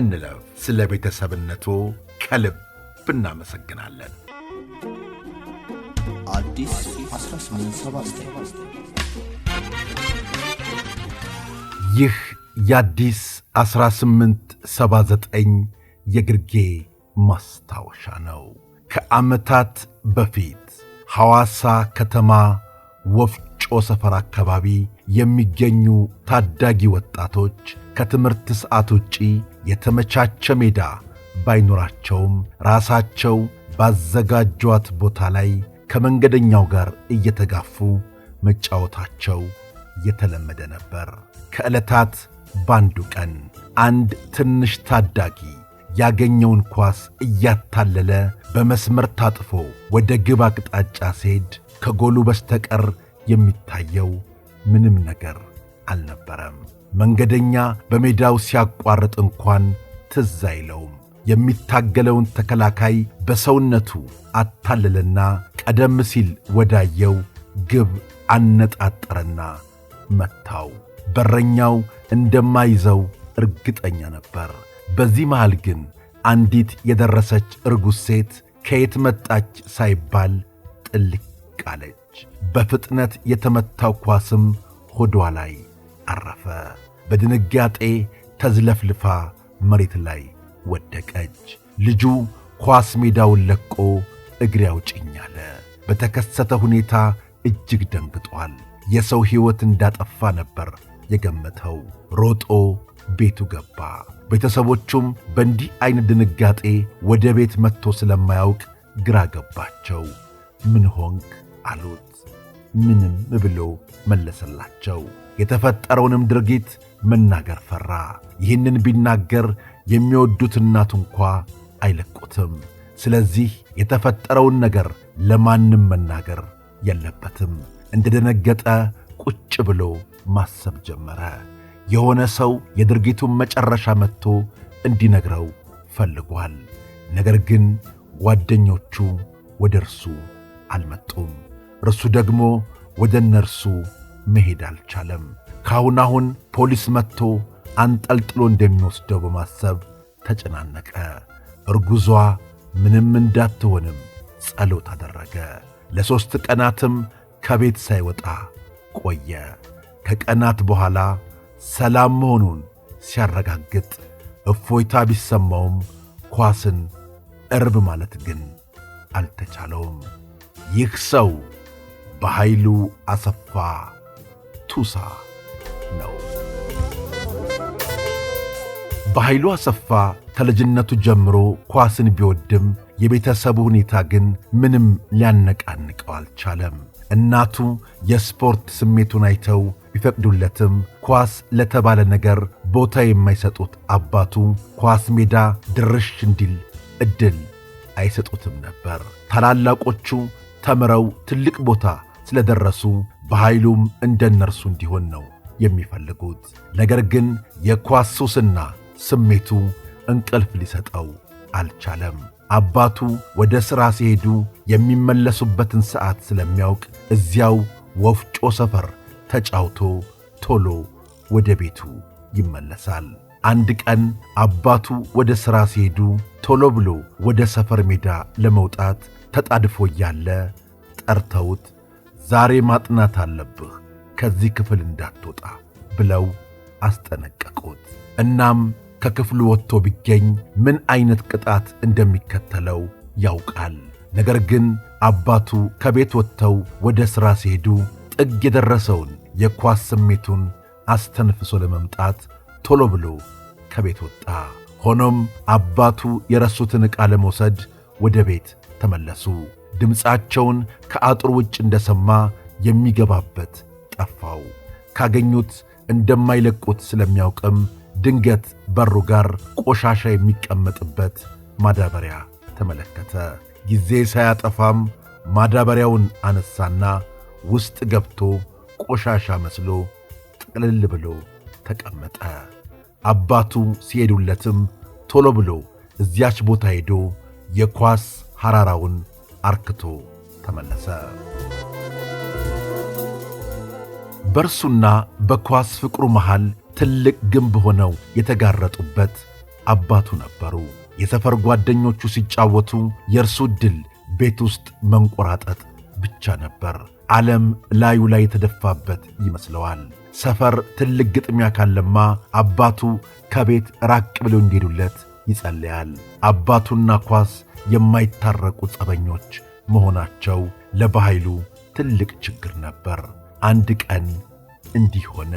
እንለፍ። ስለ ቤተሰብነቱ ከልብ እናመሰግናለን። ይህ የአዲስ 1879 የግርጌ ማስታወሻ ነው። ከዓመታት በፊት ሐዋሳ ከተማ ወፍ ሰፈር አካባቢ የሚገኙ ታዳጊ ወጣቶች ከትምህርት ሰዓት ውጪ የተመቻቸ ሜዳ ባይኖራቸውም ራሳቸው ባዘጋጇት ቦታ ላይ ከመንገደኛው ጋር እየተጋፉ መጫወታቸው የተለመደ ነበር። ከዕለታት ባንዱ ቀን አንድ ትንሽ ታዳጊ ያገኘውን ኳስ እያታለለ በመስመር ታጥፎ ወደ ግብ አቅጣጫ ሲሄድ ከጎሉ በስተቀር የሚታየው ምንም ነገር አልነበረም። መንገደኛ በሜዳው ሲያቋርጥ እንኳን ትዝ አይለውም። የሚታገለውን ተከላካይ በሰውነቱ አታለለና ቀደም ሲል ወዳየው ግብ አነጣጠረና መታው። በረኛው እንደማይዘው እርግጠኛ ነበር። በዚህ መሃል ግን አንዲት የደረሰች እርጉዝ ሴት ከየት መጣች ሳይባል ጥልቅ አለች። በፍጥነት የተመታው ኳስም ሆዷ ላይ አረፈ። በድንጋጤ ተዝለፍልፋ መሬት ላይ ወደቀች። ልጁ ኳስ ሜዳውን ለቆ እግሬ አውጭኝ አለ። በተከሰተ ሁኔታ እጅግ ደንግጧል። የሰው ሕይወት እንዳጠፋ ነበር የገመተው። ሮጦ ቤቱ ገባ። ቤተሰቦቹም በእንዲህ ዐይነት ድንጋጤ ወደ ቤት መጥቶ ስለማያውቅ ግራ ገባቸው። ምን ሆንክ አሉት። ምንም ብሎ መለሰላቸው። የተፈጠረውንም ድርጊት መናገር ፈራ። ይህንን ቢናገር የሚወዱት እናቱ እንኳ አይለቁትም። ስለዚህ የተፈጠረውን ነገር ለማንም መናገር የለበትም። እንደደነገጠ ቁጭ ብሎ ማሰብ ጀመረ። የሆነ ሰው የድርጊቱን መጨረሻ መጥቶ እንዲነግረው ፈልጓል። ነገር ግን ጓደኞቹ ወደ እርሱ አልመጡም። እርሱ ደግሞ ወደ እነርሱ መሄድ አልቻለም። ካሁን አሁን ፖሊስ መጥቶ አንጠልጥሎ እንደሚወስደው በማሰብ ተጨናነቀ። እርጉዟ ምንም እንዳትሆንም ጸሎት አደረገ። ለሦስት ቀናትም ከቤት ሳይወጣ ቆየ። ከቀናት በኋላ ሰላም መሆኑን ሲያረጋግጥ እፎይታ ቢሰማውም ኳስን እርብ ማለት ግን አልተቻለውም። ይህ ሰው በኃይሉ አሰፋ ቱሳ ነው። በኃይሉ አሰፋ ከልጅነቱ ጀምሮ ኳስን ቢወድም የቤተሰቡ ሁኔታ ግን ምንም ሊያነቃንቀው አልቻለም። እናቱ የስፖርት ስሜቱን አይተው ቢፈቅዱለትም ኳስ ለተባለ ነገር ቦታ የማይሰጡት አባቱ ኳስ ሜዳ ድርሽ እንዲል ዕድል አይሰጡትም ነበር። ታላላቆቹ ተምረው ትልቅ ቦታ ስለደረሱ በኃይሉም እንደ እነርሱ እንዲሆን ነው የሚፈልጉት። ነገር ግን የኳስ ሱስና ስሜቱ እንቅልፍ ሊሰጠው አልቻለም። አባቱ ወደ ሥራ ሲሄዱ የሚመለሱበትን ሰዓት ስለሚያውቅ እዚያው ወፍጮ ሰፈር ተጫውቶ ቶሎ ወደ ቤቱ ይመለሳል። አንድ ቀን አባቱ ወደ ሥራ ሲሄዱ ቶሎ ብሎ ወደ ሰፈር ሜዳ ለመውጣት ተጣድፎ እያለ ጠርተውት ዛሬ ማጥናት አለብህ፣ ከዚህ ክፍል እንዳትወጣ ብለው አስጠነቀቁት። እናም ከክፍሉ ወጥቶ ቢገኝ ምን አይነት ቅጣት እንደሚከተለው ያውቃል። ነገር ግን አባቱ ከቤት ወጥተው ወደ ሥራ ሲሄዱ ጥግ የደረሰውን የኳስ ስሜቱን አስተንፍሶ ለመምጣት ቶሎ ብሎ ከቤት ወጣ። ሆኖም አባቱ የረሱትን ዕቃ ለመውሰድ ወደ ቤት ተመለሱ። ድምፃቸውን ከአጥሩ ውጭ እንደሰማ የሚገባበት ጠፋው። ካገኙት እንደማይለቁት ስለሚያውቅም ድንገት በሩ ጋር ቆሻሻ የሚቀመጥበት ማዳበሪያ ተመለከተ። ጊዜ ሳያጠፋም ማዳበሪያውን አነሳና ውስጥ ገብቶ ቆሻሻ መስሎ ጥቅልል ብሎ ተቀመጠ። አባቱ ሲሄዱለትም ቶሎ ብሎ እዚያች ቦታ ሄዶ የኳስ ሐራራውን አርክቶ ተመለሰ። በእርሱና በኳስ ፍቅሩ መሃል ትልቅ ግንብ ሆነው የተጋረጡበት አባቱ ነበሩ። የሰፈር ጓደኞቹ ሲጫወቱ የእርሱ ድል ቤት ውስጥ መንቆራጠጥ ብቻ ነበር። ዓለም ላዩ ላይ የተደፋበት ይመስለዋል። ሰፈር ትልቅ ግጥሚያ ካለማ አባቱ ከቤት ራቅ ብለው እንዲሄዱለት ይጸልያል። አባቱና ኳስ የማይታረቁ ጸበኞች መሆናቸው ለበኃይሉ ትልቅ ችግር ነበር። አንድ ቀን እንዲህ ሆነ።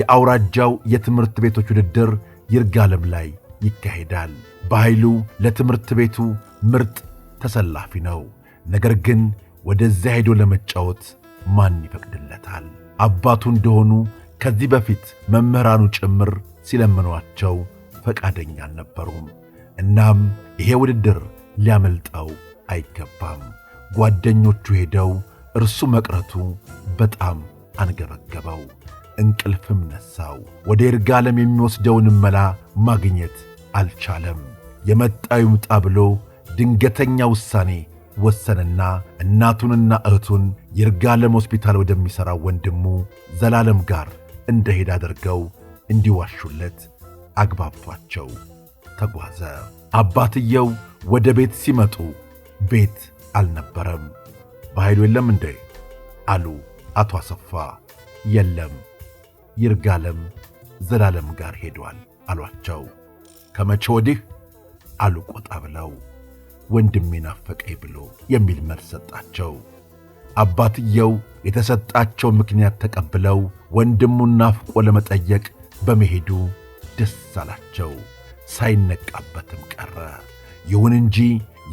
የአውራጃው የትምህርት ቤቶች ውድድር ይርጋለም ላይ ይካሄዳል። በኃይሉ ለትምህርት ቤቱ ምርጥ ተሰላፊ ነው። ነገር ግን ወደዚያ ሄዶ ለመጫወት ማን ይፈቅድለታል? አባቱ እንደሆኑ ከዚህ በፊት መምህራኑ ጭምር ሲለምኗቸው ፈቃደኛ አልነበሩም። እናም ይሄ ውድድር ሊያመልጠው አይገባም። ጓደኞቹ ሄደው እርሱ መቅረቱ በጣም አንገበገበው። እንቅልፍም ነሳው። ወደ ይርጋለም የሚወስደውን መላ ማግኘት አልቻለም። የመጣው ይምጣ ብሎ ድንገተኛ ውሳኔ ወሰንና እናቱንና እህቱን ይርጋለም ሆስፒታል ወደሚሠራው ወንድሙ ዘላለም ጋር እንደሄድ አድርገው እንዲዋሹለት አግባብቷቸው ተጓዘ። አባትየው ወደ ቤት ሲመጡ ቤት አልነበረም። በኃይሉ የለም እንዴ አሉ አቶ አሰፋ። የለም ይርጋለም ዘላለም ጋር ሄዷል አሏቸው። ከመቼ ወዲህ አሉ ቆጣ ብለው። ወንድሜ ናፈቀኝ ብሎ የሚል መልስ ሰጣቸው። አባትየው የተሰጣቸው ምክንያት ተቀብለው ወንድሙን ናፍቆ ለመጠየቅ በመሄዱ ደስ አላቸው፣ ሳይነቃበትም ቀረ። ይሁን እንጂ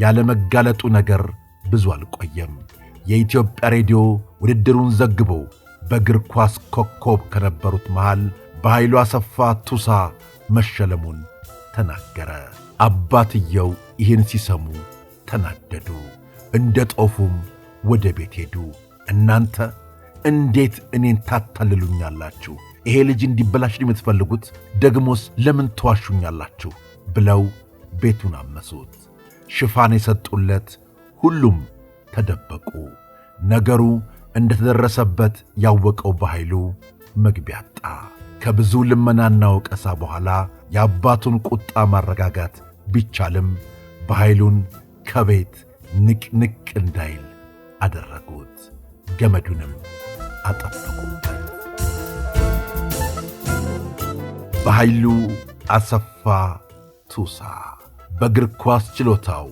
ያለመጋለጡ ነገር ብዙ አልቆየም። የኢትዮጵያ ሬዲዮ ውድድሩን ዘግቦ በእግር ኳስ ኮከብ ከነበሩት መሃል በኃይሉ አሰፋ ቱሳ መሸለሙን ተናገረ። አባትየው ይህን ሲሰሙ ተናደዱ። እንደ ጦፉም ወደ ቤት ሄዱ። እናንተ እንዴት እኔን ታታልሉኛላችሁ? ይሄ ልጅ እንዲበላሽ የምትፈልጉት ደግሞስ ለምን ተዋሹኛላችሁ ብለው ቤቱን አመሱት። ሽፋን የሰጡለት ሁሉም ተደበቁ። ነገሩ እንደተደረሰበት ያወቀው በኃይሉ መግቢያ አጣ። ከብዙ ልመናና ወቀሳ በኋላ የአባቱን ቁጣ ማረጋጋት ቢቻልም በኃይሉን ከቤት ንቅንቅ እንዳይል አደረጉት። ገመዱንም አጠበቁበት። በኃይሉ አሰፋ ቱሳ በእግር ኳስ ችሎታው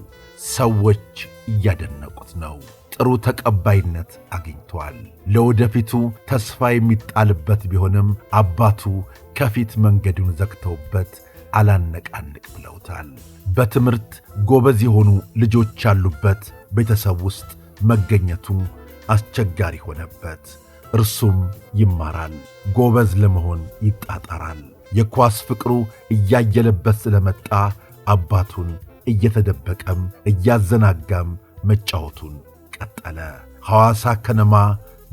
ሰዎች እያደነቁት ነው። ጥሩ ተቀባይነት አግኝቷል። ለወደፊቱ ተስፋ የሚጣልበት ቢሆንም አባቱ ከፊት መንገዱን ዘግተውበት አላነቃንቅ ብለውታል። በትምህርት ጎበዝ የሆኑ ልጆች ያሉበት ቤተሰብ ውስጥ መገኘቱ አስቸጋሪ ሆነበት። እርሱም ይማራል፣ ጎበዝ ለመሆን ይጣጣራል። የኳስ ፍቅሩ እያየለበት ስለመጣ አባቱን እየተደበቀም እያዘናጋም መጫወቱን ቀጠለ። ሐዋሳ ከነማ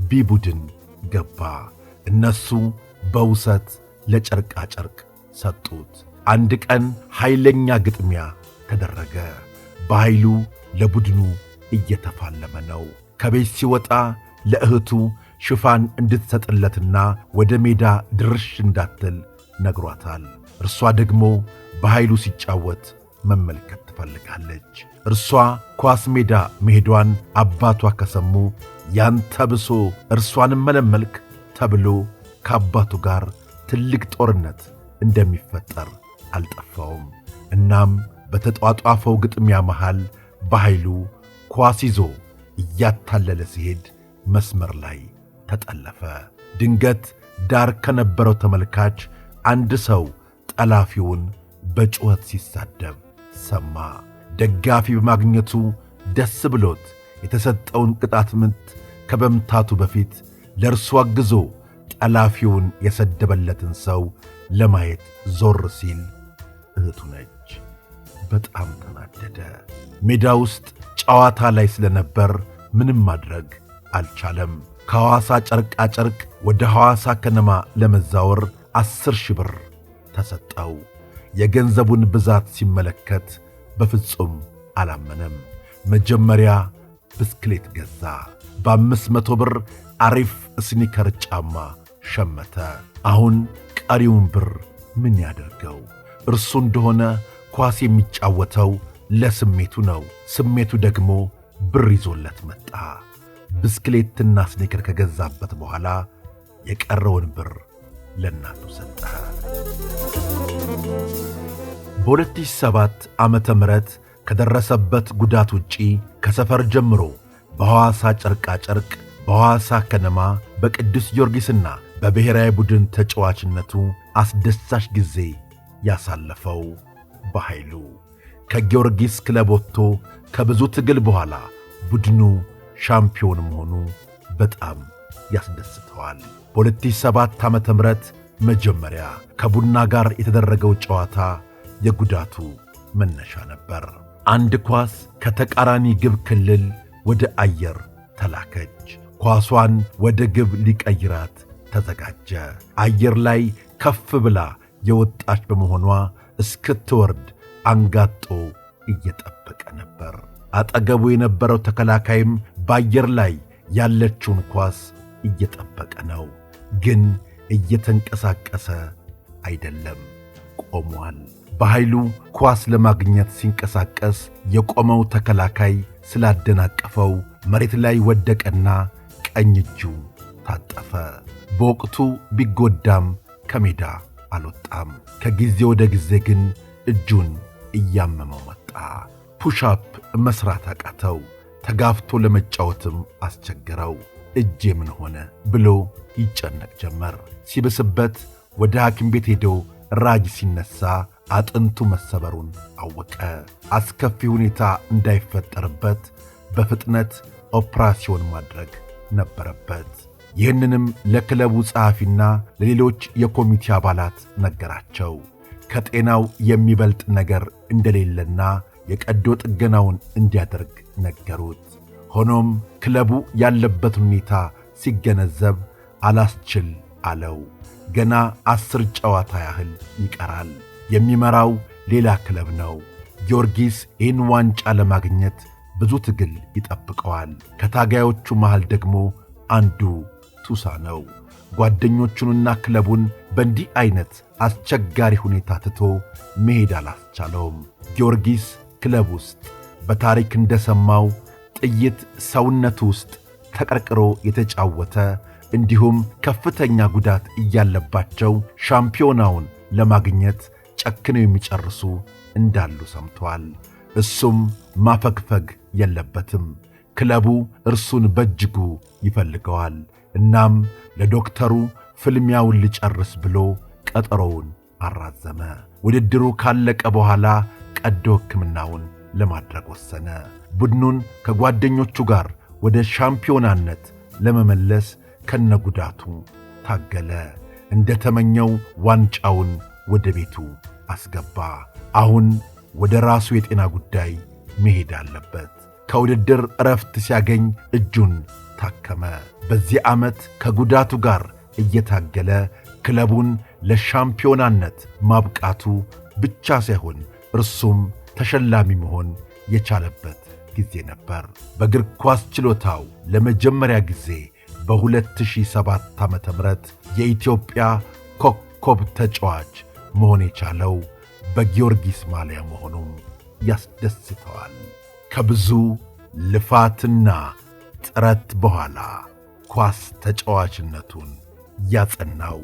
ቢ ቡድን ገባ። እነሱ በውሰት ለጨርቃ ጨርቅ ሰጡት። አንድ ቀን ኃይለኛ ግጥሚያ ተደረገ። በኃይሉ ለቡድኑ እየተፋለመ ነው። ከቤት ሲወጣ ለእህቱ ሽፋን እንድትሰጥለትና ወደ ሜዳ ድርሽ እንዳትል ነግሯታል። እርሷ ደግሞ በኃይሉ ሲጫወት መመልከት ትፈልጋለች። እርሷ ኳስ ሜዳ መሄዷን አባቷ ከሰሙ ያንተ ብሶ እርሷን መለመልክ ተብሎ ከአባቱ ጋር ትልቅ ጦርነት እንደሚፈጠር አልጠፋውም። እናም በተጧጧፈው ግጥሚያ መሃል በኃይሉ ኳስ ይዞ እያታለለ ሲሄድ መስመር ላይ ተጠለፈ። ድንገት ዳር ከነበረው ተመልካች አንድ ሰው ጠላፊውን በጩኸት ሲሳደብ ሰማ። ደጋፊ በማግኘቱ ደስ ብሎት የተሰጠውን ቅጣት ምት ከመምታቱ በፊት ለእርሱ አግዞ ጠላፊውን የሰደበለትን ሰው ለማየት ዞር ሲል እህቱ ነች። በጣም ተናደደ። ሜዳ ውስጥ ጨዋታ ላይ ስለነበር ምንም ማድረግ አልቻለም። ከሐዋሳ ጨርቃ ጨርቅ ወደ ሐዋሳ ከነማ ለመዛወር አስር ሺህ ብር ተሰጠው። የገንዘቡን ብዛት ሲመለከት በፍጹም አላመነም። መጀመሪያ ብስክሌት ገዛ። በአምስት መቶ ብር አሪፍ ስኒከር ጫማ ሸመተ። አሁን ቀሪውን ብር ምን ያደርገው? እርሱ እንደሆነ ኳስ የሚጫወተው ለስሜቱ ነው። ስሜቱ ደግሞ ብር ይዞለት መጣ። ብስክሌትና ስኒከር ከገዛበት በኋላ የቀረውን ብር ለእናቱ ሰጠ። በ2007 ዓመተ ምህረት ከደረሰበት ጉዳት ውጪ ከሰፈር ጀምሮ በሐዋሳ ጨርቃጨርቅ፣ በሐዋሳ ከነማ፣ በቅዱስ ጊዮርጊስና በብሔራዊ ቡድን ተጫዋችነቱ አስደሳች ጊዜ ያሳለፈው በኃይሉ ከጊዮርጊስ ክለብ ወጥቶ ከብዙ ትግል በኋላ ቡድኑ ሻምፒዮን መሆኑ በጣም ያስደስተዋል። በ2007 ዓ ም መጀመሪያ ከቡና ጋር የተደረገው ጨዋታ የጉዳቱ መነሻ ነበር። አንድ ኳስ ከተቃራኒ ግብ ክልል ወደ አየር ተላከች። ኳሷን ወደ ግብ ሊቀይራት ተዘጋጀ። አየር ላይ ከፍ ብላ የወጣች በመሆኗ እስክትወርድ አንጋጦ እየጠበቀ ነበር። አጠገቡ የነበረው ተከላካይም በአየር ላይ ያለችውን ኳስ እየጠበቀ ነው። ግን እየተንቀሳቀሰ አይደለም፣ ቆሟል። በኃይሉ ኳስ ለማግኘት ሲንቀሳቀስ የቆመው ተከላካይ ስላደናቀፈው መሬት ላይ ወደቀና ቀኝ እጁ ታጠፈ። በወቅቱ ቢጎዳም ከሜዳ አልወጣም። ከጊዜ ወደ ጊዜ ግን እጁን እያመመው መጣ። ፑሻፕ መሥራት አቃተው። ተጋፍቶ ለመጫወትም አስቸግረው። እጄ ምን ሆነ ብሎ ይጨነቅ ጀመር። ሲብስበት ወደ ሐኪም ቤት ሄዶ ራጅ ሲነሣ አጥንቱ መሰበሩን አወቀ። አስከፊ ሁኔታ እንዳይፈጠርበት በፍጥነት ኦፕራሲዮን ማድረግ ነበረበት። ይህንንም ለክለቡ ጸሐፊና ለሌሎች የኮሚቴ አባላት ነገራቸው። ከጤናው የሚበልጥ ነገር እንደሌለና የቀዶ ጥገናውን እንዲያደርግ ነገሩት። ሆኖም ክለቡ ያለበት ሁኔታ ሲገነዘብ አላስችል አለው። ገና አስር ጨዋታ ያህል ይቀራል። የሚመራው ሌላ ክለብ ነው። ጊዮርጊስ ይህን ዋንጫ ለማግኘት ብዙ ትግል ይጠብቀዋል። ከታጋዮቹ መሃል ደግሞ አንዱ ቱሳ ነው። ጓደኞቹንና ክለቡን በእንዲህ አይነት አስቸጋሪ ሁኔታ ትቶ መሄድ አላስቻለውም። ጊዮርጊስ ክለብ ውስጥ በታሪክ እንደሰማው ጥይት ሰውነቱ ውስጥ ተቀርቅሮ የተጫወተ እንዲሁም ከፍተኛ ጉዳት እያለባቸው ሻምፒዮናውን ለማግኘት ጨክነው የሚጨርሱ እንዳሉ ሰምተዋል። እሱም ማፈግፈግ የለበትም። ክለቡ እርሱን በእጅጉ ይፈልገዋል። እናም ለዶክተሩ ፍልሚያውን ሊጨርስ ብሎ ቀጠሮውን አራዘመ። ውድድሩ ካለቀ በኋላ ቀዶ ሕክምናውን ለማድረግ ወሰነ። ቡድኑን ከጓደኞቹ ጋር ወደ ሻምፒዮናነት ለመመለስ ከነጉዳቱ ታገለ። እንደ ተመኘው ዋንጫውን ወደ ቤቱ አስገባ። አሁን ወደ ራሱ የጤና ጉዳይ መሄድ አለበት። ከውድድር እረፍት ሲያገኝ እጁን ታከመ። በዚህ ዓመት ከጉዳቱ ጋር እየታገለ ክለቡን ለሻምፒዮናነት ማብቃቱ ብቻ ሳይሆን እርሱም ተሸላሚ መሆን የቻለበት ጊዜ ነበር። በእግር ኳስ ችሎታው ለመጀመሪያ ጊዜ በ2007 ዓ ም የኢትዮጵያ ኮከብ ተጫዋች መሆን የቻለው በጊዮርጊስ ማሊያ መሆኑም ያስደስተዋል። ከብዙ ልፋትና ጥረት በኋላ ኳስ ተጫዋችነቱን ያጸናው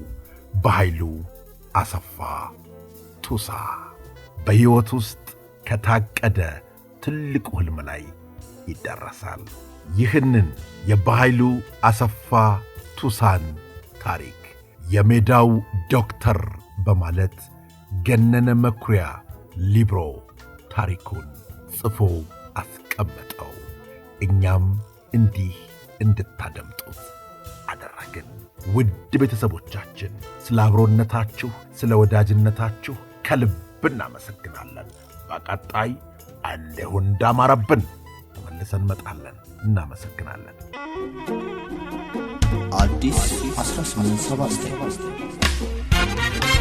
በኃይሉ አሰፋ ቱሳ በሕይወት ውስጥ ከታቀደ ትልቁ ሕልም ላይ ይደረሳል። ይህንን የበኃይሉ አሰፋ ቱሳን ታሪክ የሜዳው ዶክተር በማለት ገነነ መኩሪያ ሊብሮ ታሪኩን ጽፎ አስቀመጠው። እኛም እንዲህ እንድታደምጡት አደረግን። ውድ ቤተሰቦቻችን ስለ አብሮነታችሁ፣ ስለ ወዳጅነታችሁ ከልብ እናመሰግናለን። በቀጣይ እንዲሁ እንዳማረብን ተመልሰን መጣለን። እናመሰግናለን። አዲስ 1879